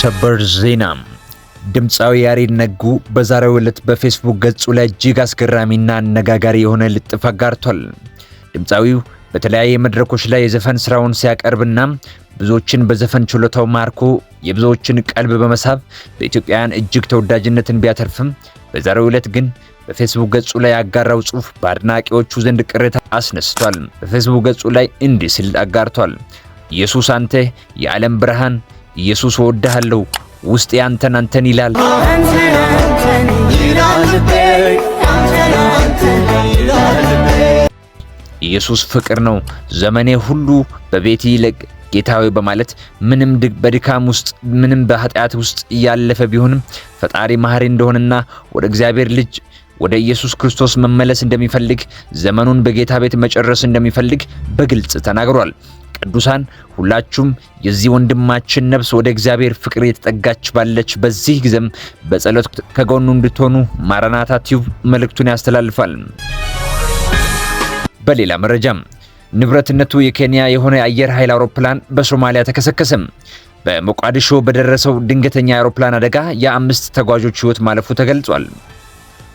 ሰበር ዜና ድምፃዊ ያሬድ ነጉ በዛሬው ዕለት በፌስቡክ ገጹ ላይ እጅግ አስገራሚና አነጋጋሪ የሆነ ልጥፍ አጋርቷል። ድምፃዊው በተለያየ መድረኮች ላይ የዘፈን ስራውን ሲያቀርብና ብዙዎችን በዘፈን ችሎታው ማርኮ የብዙዎችን ቀልብ በመሳብ በኢትዮጵያውያን እጅግ ተወዳጅነትን ቢያተርፍም በዛሬው ዕለት ግን በፌስቡክ ገጹ ላይ ያጋራው ጽሑፍ በአድናቂዎቹ ዘንድ ቅሬታ አስነስቷል። በፌስቡክ ገጹ ላይ እንዲህ ሲል አጋርቷል። ኢየሱስ አንተ የዓለም ብርሃን ኢየሱስ እወድሃለሁ ውስጥ ያንተን አንተን ይላል። ኢየሱስ ፍቅር ነው። ዘመኔ ሁሉ በቤት ይልቅ ጌታዊ በማለት ምንም በድካም ውስጥ ምንም በኃጢአት ውስጥ እያለፈ ቢሆንም ፈጣሪ መሐሪ እንደሆነና ወደ እግዚአብሔር ልጅ ወደ ኢየሱስ ክርስቶስ መመለስ እንደሚፈልግ ዘመኑን በጌታ ቤት መጨረስ እንደሚፈልግ በግልጽ ተናግሯል። ቅዱሳን ሁላችሁም የዚህ ወንድማችን ነፍስ ወደ እግዚአብሔር ፍቅር የተጠጋች ባለች በዚህ ጊዜም በጸሎት ከጎኑ እንድትሆኑ ማራናታ ቲዩብ መልእክቱን ያስተላልፋል። በሌላ መረጃም ንብረትነቱ የኬንያ የሆነ የአየር ኃይል አውሮፕላን በሶማሊያ ተከሰከሰም። በሞቃዲሾ በደረሰው ድንገተኛ አውሮፕላን አደጋ የአምስት ተጓዦች ሕይወት ማለፉ ተገልጿል።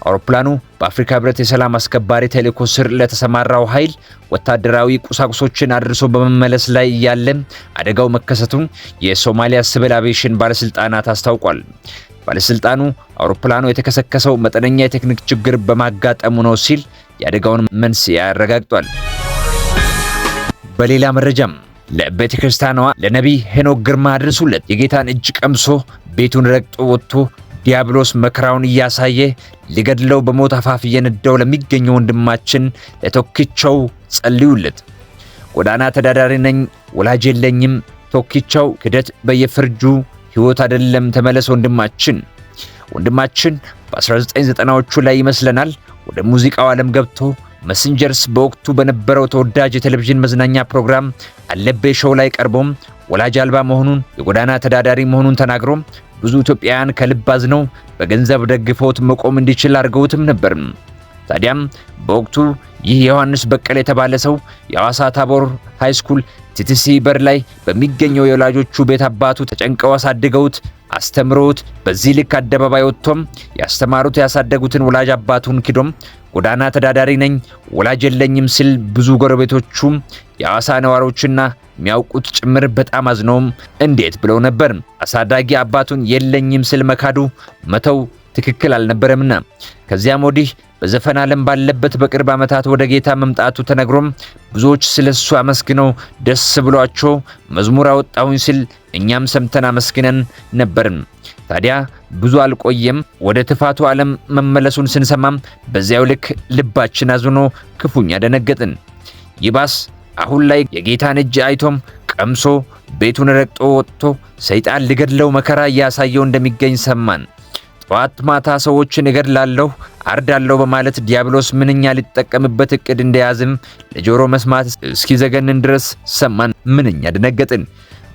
አውሮፕላኑ በአፍሪካ ህብረት የሰላም አስከባሪ ተልእኮ ስር ለተሰማራው ኃይል ወታደራዊ ቁሳቁሶችን አድርሶ በመመለስ ላይ እያለ አደጋው መከሰቱን የሶማሊያ ሲቪል አቪዬሽን ባለስልጣናት አስታውቋል። ባለስልጣኑ አውሮፕላኑ የተከሰከሰው መጠነኛ የቴክኒክ ችግር በማጋጠሙ ነው ሲል የአደጋውን መንስኤ አረጋግጧል። በሌላ መረጃም ለቤተ ክርስቲያኗ ለነቢይ ሄኖክ ግርማ አድርሱለት የጌታን እጅ ቀምሶ ቤቱን ረግጦ ወጥቶ ዲያብሎስ መከራውን እያሳየ ሊገድለው በሞት አፋፍ እየነዳው ለሚገኘ ወንድማችን ለቶክቻው ጸልዩለት። ጎዳና ተዳዳሪ ነኝ፣ ወላጅ የለኝም። ቶኪቻው ክደት በየፍርጁ ሕይወት አይደለም። ተመለስ ወንድማችን። ወንድማችን በ1990ዎቹ ላይ ይመስለናል ወደ ሙዚቃው ዓለም ገብቶ መሰንጀርስ በወቅቱ በነበረው ተወዳጅ የቴሌቪዥን መዝናኛ ፕሮግራም አለቤ ሾው ላይ ቀርቦም ወላጅ አልባ መሆኑን የጎዳና ተዳዳሪ መሆኑን ተናግሮ ብዙ ኢትዮጵያውያን ከልብ አዝነው በገንዘብ ደግፈውት መቆም እንዲችል አድርገውትም ነበር። ታዲያም በወቅቱ ይህ ዮሐንስ በቀለ የተባለ ሰው የሐዋሳ ታቦር ሃይስኩል ቲቲሲ በር ላይ በሚገኘው የወላጆቹ ቤት አባቱ ተጨንቀው አሳድገውት አስተምረውት በዚህ ልክ አደባባይ ወጥቶም ያስተማሩት ያሳደጉትን ወላጅ አባቱን ክዶም ጎዳና ተዳዳሪ ነኝ ወላጅ የለኝም ሲል ብዙ ጎረቤቶቹም የሐዋሳ ነዋሪዎችና የሚያውቁት ጭምር በጣም አዝኖም እንዴት ብለው ነበር። አሳዳጊ አባቱን የለኝም ስል መካዱ መተው ትክክል አልነበረምና ከዚያም ወዲህ በዘፈን ዓለም ባለበት በቅርብ ዓመታት ወደ ጌታ መምጣቱ ተነግሮም ብዙዎች ስለ እሱ አመስግነው ደስ ብሏቸው መዝሙር አወጣሁኝ ሲል እኛም ሰምተን አመስግነን ነበርን። ታዲያ ብዙ አልቆየም ወደ ትፋቱ ዓለም መመለሱን ስንሰማም በዚያው ልክ ልባችን አዝኖ ክፉኛ ደነገጥን። ይባስ አሁን ላይ የጌታን እጅ አይቶም ቀምሶ ቤቱን ረግጦ ወጥቶ ሰይጣን ሊገድለው መከራ እያሳየው እንደሚገኝ ሰማን። ጠዋት ማታ ሰዎችን እገድላለሁ፣ አርዳለሁ በማለት ዲያብሎስ ምንኛ ሊጠቀምበት እቅድ እንደያዝም ለጆሮ መስማት እስኪዘገንን ድረስ ሰማን። ምንኛ ደነገጥን።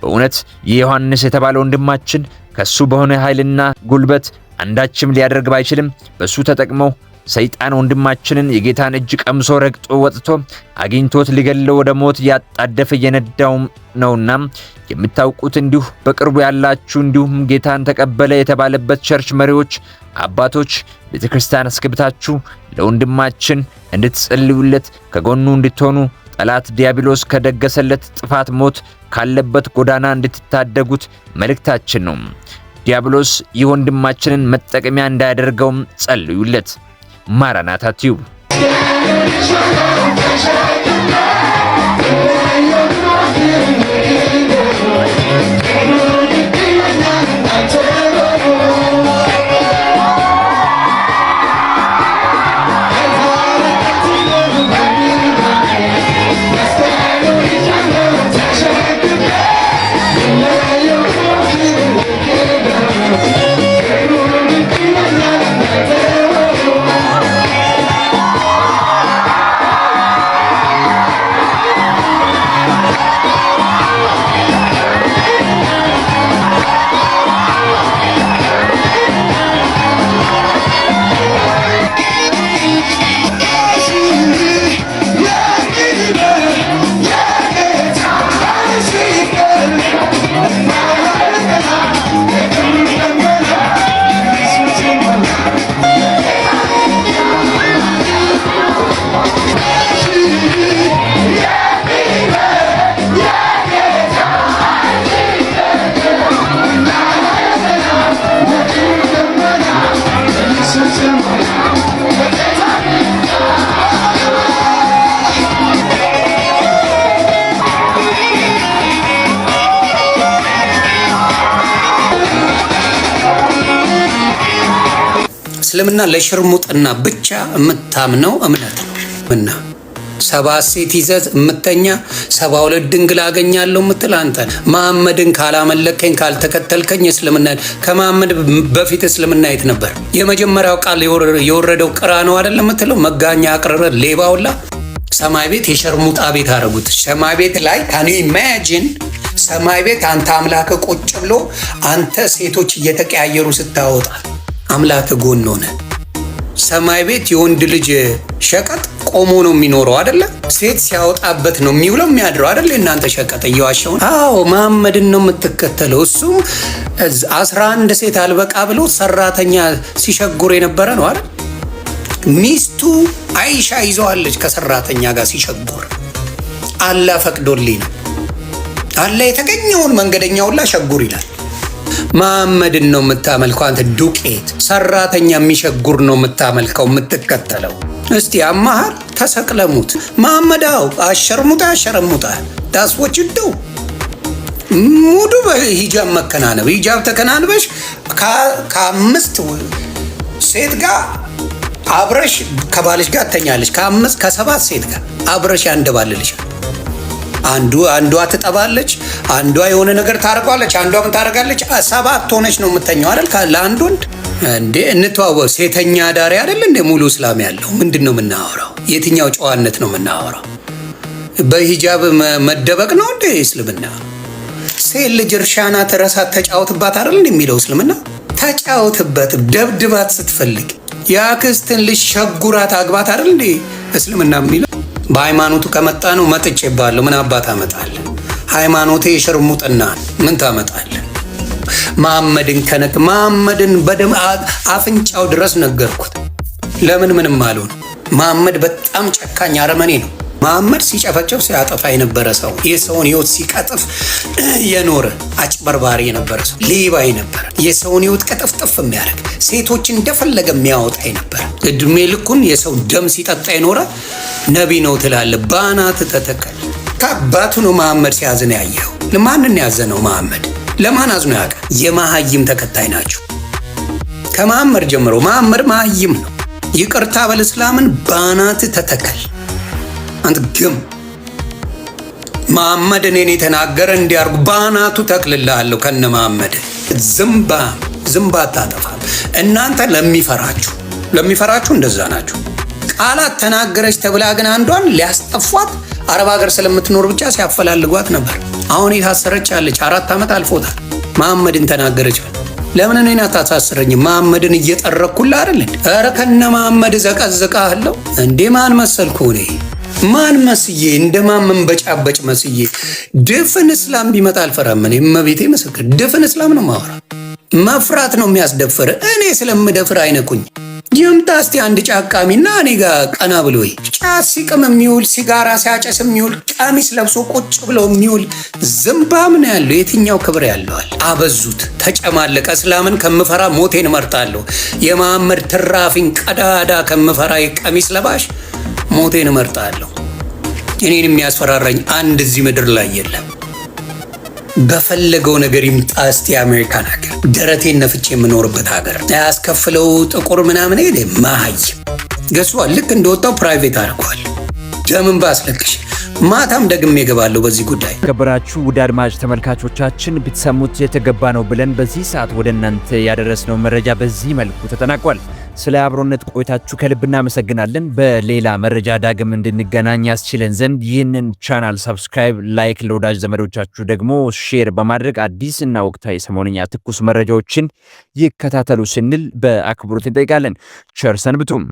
በእውነት ይህ ዮሐንስ የተባለ ወንድማችን ከሱ በሆነ ኃይልና ጉልበት አንዳችም ሊያደርግ ባይችልም በሱ ተጠቅመው ሰይጣን ወንድማችንን የጌታን እጅ ቀምሶ ረግጦ ወጥቶ አግኝቶት ሊገለው ወደ ሞት ያጣደፈ የነዳው ነውና የምታውቁት እንዲሁ በቅርቡ ያላችሁ እንዲሁም ጌታን ተቀበለ የተባለበት ቸርች መሪዎች፣ አባቶች ቤተ ክርስቲያን አስገብታችሁ ለወንድማችን እንድትጸልዩለት ከጎኑ እንድትሆኑ ጠላት ዲያብሎስ ከደገሰለት ጥፋት ሞት ካለበት ጎዳና እንድትታደጉት መልእክታችን ነው። ዲያብሎስ ይህ ወንድማችንን መጠቀሚያ እንዳያደርገውም ጸልዩለት። Maranatha Tube. እስልምና ለሽርሙጥና ብቻ የምታምነው እምነት ነው ምና ሰባ ሴት ይዘት የምተኛ ሰባ ሁለት ድንግል አገኛለሁ የምትል አንተ መሐመድን ካላመለከኝ ካልተከተልከኝ እስልምና ከመሐመድ በፊት እስልምና የት ነበር? የመጀመሪያው ቃል የወረደው ቅራ ነው አደለ የምትለው መጋኛ አቅርረ ሌባውላ ሰማይ ቤት የሸርሙጣ ቤት አረጉት። ሰማይ ቤት ላይ ካን ኢማጂን ሰማይ ቤት አንተ አምላክ ቁጭ ብሎ አንተ ሴቶች እየተቀያየሩ ስታወጣል አምላክ ጎን ሆነ። ሰማይ ቤት የወንድ ልጅ ሸቀጥ ቆሞ ነው የሚኖረው አይደለ? ሴት ሲያወጣበት ነው የሚውለው የሚያድረው አይደለ? እናንተ ሸቀጥ እየዋሸው አዎ መሐመድን ነው የምትከተለው። እሱም አስራ አንድ ሴት አልበቃ ብሎ ሰራተኛ ሲሸጉር የነበረ ነው አይደል? ሚስቱ አይሻ ይዘዋለች ከሰራተኛ ጋር ሲሸጉር አላ ፈቅዶልኝ ነው አላ የተገኘውን መንገደኛ ሁላ ሸጉር ይላል። መሐመድን ነው የምታመልከው አንተ ዱቄት ሰራተኛ የሚሸጉር ነው የምታመልከው የምትከተለው። እስቲ አማሃል ተሰቅለሙት መሐመድ አው አሸርሙጣ አሸረሙጣ ዳስዎች እንደው ሙዱ በሂጃብ መከናነብ ሂጃብ ተከናንበሽ ከአምስት ሴት ጋር አብረሽ ከባልሽ ጋር ተኛለች ከአምስት ከሰባት ሴት ጋር አብረሽ ያንደባልልሻል። አንዱ አንዷ ትጠባለች፣ አንዷ የሆነ ነገር ታርቋለች፣ አንዷ ምን ታደርጋለች? ሰባት ሆነች ነው የምተኛው አይደል? ለአንድ ወንድ እንዴ እንተዋወቅ። ሴተኛ ዳሪ አይደል እንዴ? ሙሉ እስላም ያለው ምንድን ነው የምናወራው? የትኛው ጨዋነት ነው የምናወራው? በሂጃብ መደበቅ ነው እንዴ እስልምና? ሴት ልጅ እርሻ ናት፣ ረሳት፣ ተጫወትባት አይደል የሚለው እስልምና። ተጫወትበት፣ ደብድባት ስትፈልግ፣ የአክስትን ልጅ ሸጉራት፣ አግባት አይደል እንዴ እስልምና የሚለው በሃይማኖቱ ከመጣ ነው መጥቼ ባለሁ። ምን አባት አመጣል? ሃይማኖቴ የሽርሙጥና ምን ታመጣል? መሐመድን ከነክ መሐመድን በደም አፍንጫው ድረስ ነገርኩት። ለምን ምንም አልሆነ። መሐመድ በጣም ጨካኝ አረመኔ ነው። መሐመድ ሲጨፈጨፍ ሲያጠፋ የነበረ ሰው የሰውን ህይወት ሲቀጥፍ የኖረ አጭበርባሪ የነበረ ሰው ሌባ የነበረ የሰውን ህይወት ቀጥፍጥፍ የሚያደርግ ሴቶችን እንደፈለገ የሚያወጣ የነበረ እድሜ ልኩን የሰው ደም ሲጠጣ የኖረ ነቢ ነው ትላለ። ባናት ተተከል ከአባቱ ነው መሐመድ ሲያዝን ያየው። ለማንን ያዘነው መሐመድ? ለማን አዝኖ ያውቃል? የመሀይም ተከታይ ናቸው። ከመሐመድ ጀምሮ መሐመድ መሀይም ነው። ይቅርታ በል እስላምን ባናት ተተከል ግም መሐመድ እኔን የተናገረ እንዲያርጉ በአናቱ ተክልልሃለሁ። ከነ መሐመድ ዝምባ ዝምባ አታጠፋም። እናንተ ለሚፈራችሁ ለሚፈራችሁ እንደዛ ናችሁ። ቃላት ተናገረች ተብላ ግን አንዷን ሊያስጠፏት አረብ ሀገር ስለምትኖር ብቻ ሲያፈላልጓት ነበር። አሁን የታሰረች አለች። አራት ዓመት አልፎታል። መሐመድን ተናገረች። ለምን እኔን አታሳስረኝም? መሐመድን እየጠረኩላ አይደል? ኧረ ከነ መሐመድ ዘቀዝቃለሁ እንዴ! ማን መሰልኩ እኔ? ማን መስዬ እንደማን መንበጫበጭ መስዬ ድፍን እስላም ቢመጣ አልፈራም። እኔ እመቤቴ ምስክር ድፍን እስላም ነው ማወራ። መፍራት ነው የሚያስደፍር። እኔ ስለምደፍር አይነኩኝ። ይምጣ እስቲ አንድ ጫቃሚና እኔ ጋር ቀና ብሎ ጫት ሲቅም የሚውል ሲጋራ ሲያጨስ የሚውል ቀሚስ ለብሶ ቁጭ ብሎ የሚውል ዝምባም ነው ያለው። የትኛው ክብር ያለዋል? አበዙት፣ ተጨማለቀ። እስላምን ከምፈራ ሞቴን እመርጣለሁ። የመሐመድ ትራፊን ቀዳዳ ከምፈራ የቀሚስ ለባሽ ሞቴን እመርጣለሁ። እኔን የሚያስፈራራኝ አንድ እዚህ ምድር ላይ የለም። በፈለገው ነገር ይምጣ እስቲ አሜሪካን ሀገር ደረቴን ነፍቼ የምኖርበት ሀገር ያስከፍለው ጥቁር ምናምን ሄደ ማሀይ ገሷል። ልክ እንደወጣው ፕራይቬት አድርጓል። ደምን ባስለቅሽ ማታም ደግሜ እገባለሁ በዚህ ጉዳይ። ከበራችሁ ውድ አድማጭ ተመልካቾቻችን ብትሰሙት የተገባ ነው ብለን በዚህ ሰዓት ወደ እናንተ ያደረስነው መረጃ በዚህ መልኩ ተጠናቋል። ስለ አብሮነት ቆይታችሁ ከልብ እናመሰግናለን። በሌላ መረጃ ዳግም እንድንገናኝ ያስችለን ዘንድ ይህንን ቻናል ሰብስክራይብ፣ ላይክ፣ ለወዳጅ ዘመዶቻችሁ ደግሞ ሼር በማድረግ አዲስ እና ወቅታዊ ሰሞንኛ ትኩስ መረጃዎችን ይከታተሉ ስንል በአክብሮት እንጠይቃለን። ቸር ሰንብቱም።